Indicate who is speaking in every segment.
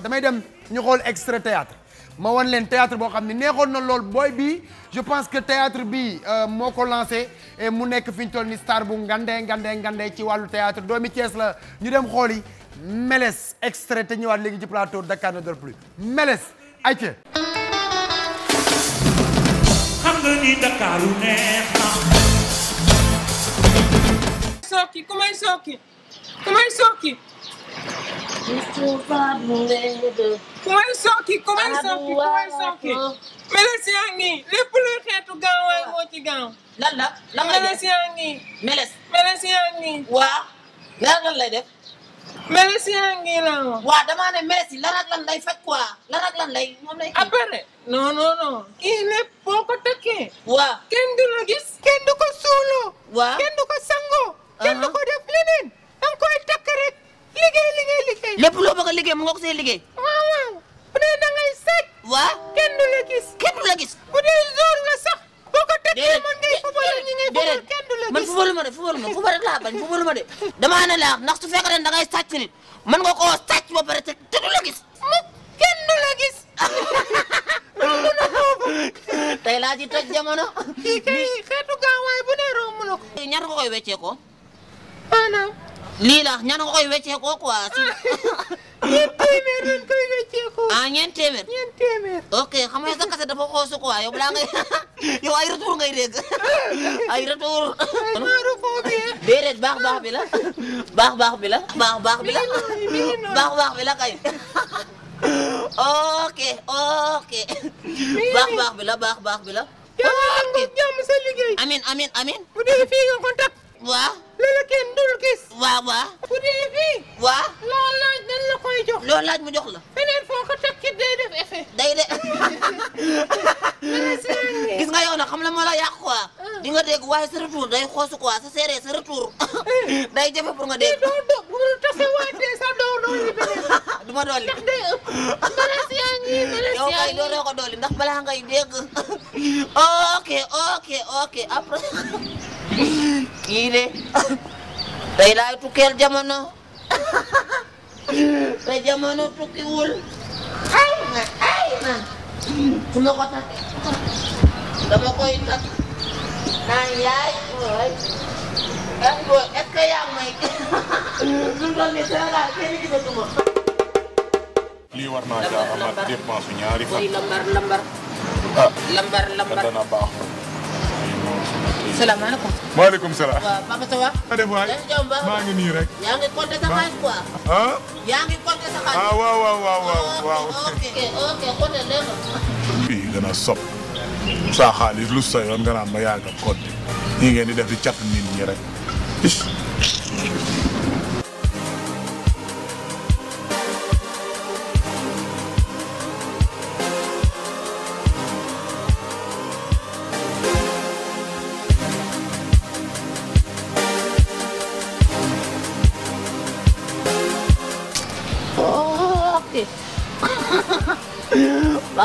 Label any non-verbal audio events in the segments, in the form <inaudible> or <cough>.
Speaker 1: damay dem ñu xool extrait théâtre ma wan leen théâtre boo xam ne neexoon na lool booy bii je pense que théâtre bii euh, moo ko lancé et mu nekk fi ñu toll ni star bu ngandee ngandee ngandee ci wàllu théâtre doomi Thiès la ñu dem xool yi Meles extrait te ñëwaat léegi ci plateau Dakar ne dort plus Meles ayca xam nga ni Dakar lu
Speaker 2: mooy sooki ku may sooki ku may sooki. meles yaa ngi lépp luy xeetu gaaw waaye moo gaaw. lan la lan meles yaa ngi nii. meles meles lay def. meles yaa ngi nii la woon. meles yi lan lan lay faj quoi lan lan lay moom lay. après non kii lépp boo ko takkee. waaw kenn du la gis. kenn du ko suulu. waaw kenn du ko sango. kenn du ko def leneen. liggéey liggéey liggéey. lépp loo bëgg a liggéey mu ngoog see liggéey. waaw waaw bu dee da ngay sàcc. waaw kenn du la gis. kenn du la gis. bu dee zone la sax. boo ko tekkee mën ngay fubal ñi ngay fubal kenn du la gis. man fubaluma de fubaluma fubal rek laa bañ fubaluma de. damaa ne la ndax su fekkee ne da ngay sàcc nit mën nga koo sàcc ba pare te te du la gis. mu kenn du la gis. <laughs> tey laa ci toj jamono. kii kay xeetu gaawaay bu ne romb na ko. ñaata nga koy weccee ko. maanaam. lii la ñan nga koy weccee ko quoi. ñeent téeméer lañ koy weccee ko. ah ñeent téeméer. ñeent téeméer. ok sa kase dafa xoosu quoi yow balaa ngay <laughs> yow ay retour ngay dégg <laughs> ay retour. maaru foo bi. <laughs> déedéet baax baax bi la baax baax bi la baax baax bi la baax baax bi la kay. ok ok baax baax bi la baax baax bi la. yàlla na waaw. lu la kenn dul gis. waaw waaw. bu dee fii. waaw. loo laaj dañ la koy loo laaj mu jox la. feneen foo ko tekkit day def day de. gis nga yow nag xam la moo la yàq quoi. Ah. di nga dégg waaye sa retour day xoosu quoi sa seeree sa retour. Eh. day jafe pour nga dégg. mais doo doo bu tase waatee sa doo dooli beneen. <laughs> du ma dooli ndax day ëpp. maraîchage yi maraîchage yi balaa ngay dégg. <laughs> Oh. ok ok kii de tey laay tukkeel jamono te jamono tukkiwul ay na ay na su ko takk dama koy takk naan yaay waay est yaa may suñu <laughs> ni Sénégal kenn gisatu ma
Speaker 1: lii war naa caa amaat dépense ñaari
Speaker 2: fan
Speaker 1: Ah. lambar lambar dana baax. Ah. maa ngi nii rek.
Speaker 2: yaa ngi compter sa xaalis quoi. yaa ngi compter sa xaalis. ah
Speaker 1: waaw waaw waaw waaw. Oh, fii gën a sob sa xaalis lu sa yoon nga mayaa ma yaa ngi compter. ñii di def di cat nit ñi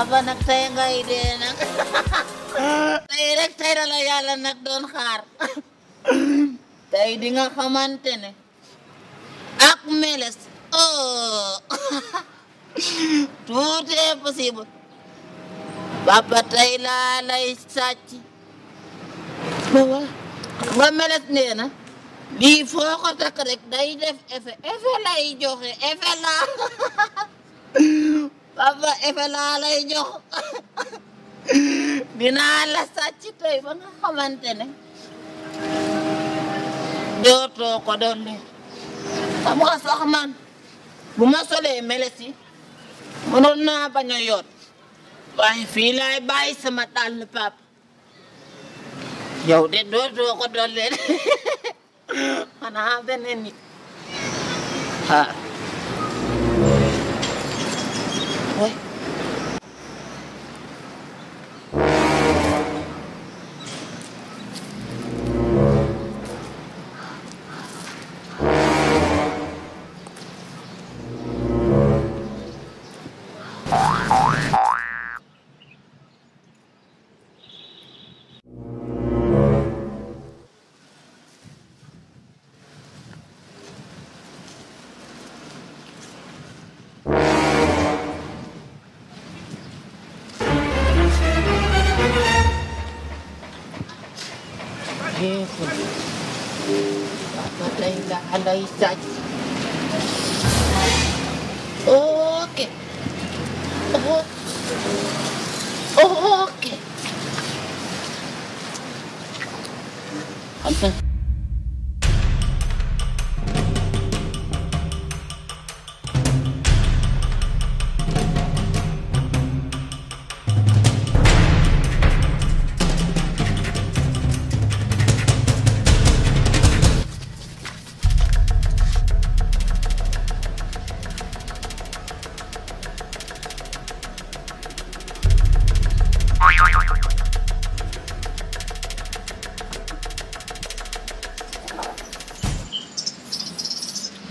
Speaker 2: Aba, nagsayagay din. Nairek tayo na layalan nagdoon kar. Tayo di nga kamantin eh. Akmeles. Oh. <laughs> Tuti e possible. Papatay lalay sachi. Bawa. Akmeles niya na. lii foo ko takk rek day def effet effet lay joxe la <laughs> papa effet laa jox dinaa la sàcc tey ba nga xamante ne dootoo ko doon xam nga sax man bu ma solee melesi mënoon naa bañ a yoot waaye fii laay bàyyi sama dàll pap yow de dootoo ko doon leen <laughs> xanaa beneen nit waaw Mataila anahitaji. Okay. Okay. Okay.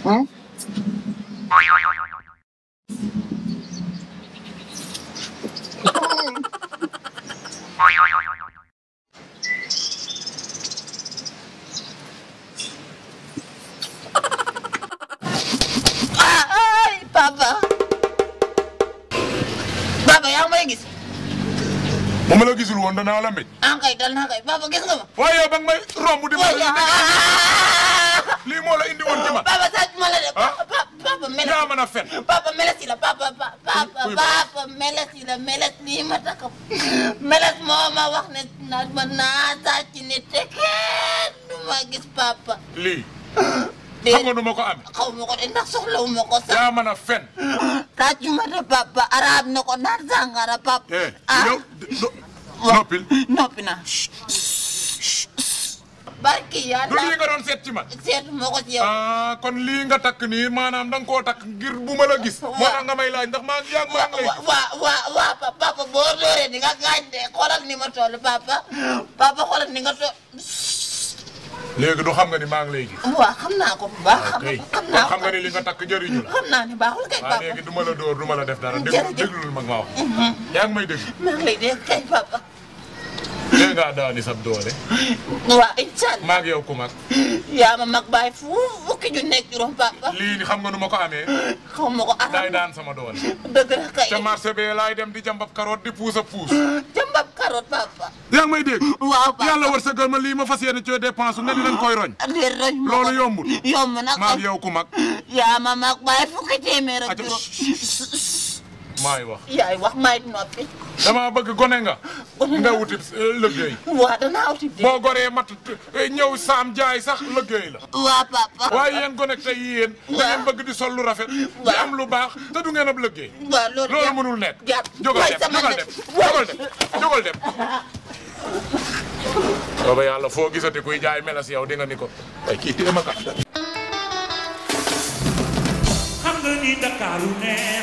Speaker 2: Hein Papa. yaa may gis.
Speaker 1: moom la gisul woon danaa la mbéj.
Speaker 2: ah kay dal naa kay papa gis nga ma.
Speaker 1: waaye yow may romb di ma la indi woon ci ma. maa mën a fen. papa melesi la papa papa
Speaker 2: la meles nii ma takk meles moo ma wax ne naaj ma naa sàcc ne te kenn ma gis papa.
Speaker 1: lii. xam nga nu ma ko
Speaker 2: ko de ndax ma ko sax. yaa mën ma de papa arab na ko naan sàngara papa. Eh, ah yow noppil barki yàlla du lii nga doon
Speaker 1: seet ci man. seet moo ko ci yow. ah kon lii nga takk nii maanaam da nga koo takk ngir bu ma la gis. waaw moo tax nga may laaj ndax maa ngi yàgg maa ngi lay. waaw waaw waaw
Speaker 2: papa boo dooree di nga gaañ de xoolal ni ma toll papa papa xoolal ni nga toll.
Speaker 1: léegi du xam nga ni maa ngi lay gis.
Speaker 2: waaw xam naa ko bu baax. Ah,
Speaker 1: xam naa ko xam nga ni li nga takk jëriñu la.
Speaker 2: xam naa ne baaxul
Speaker 1: kay ah, papa waaw léegi du ma la door du ma la def dara. Mm, jërëjëf déglu déglu ma ma wax. Mm-hmm. yaa ngi may dégg.
Speaker 2: maa ngi lay dégg kay papa. da ngaa ma mag bàyyi fu fukki ju nekk juróom papa.
Speaker 1: lii xam nga nu ma ko amee. xam ma ko aram daay daan sama doole. dëgg la kay ca marché bee laay dem di jambab carotte di puus a puus. jambab carotte papa. yaa ngi may dégg. waaw papa yàlla wërsëgal ma lii ma fas yéene cooy dépense nga di leen koy roñ. loolu yombul. yomb nag mag. yaa ma mag fukki téeméer ak maay wax yaay wax maay noppi. dama bëgg gone nga. nga wuti euh, liggéey. waaw danaa wuti boo goree mat euh, ñëw saam jaay sax liggéey la. waaw papa. waaye yéen gone tey yéen. da bëgg di sol lu rafet. di am lu baax te du ngeen ab liggéey. waaw loolu loolu mënul nekk. jàpp waay sama nekk jógal dem jógal dem booba yàlla foo gisati kuy jaay melas yow di nga ni ko ay kii téema xam nga ni Dakaaru neex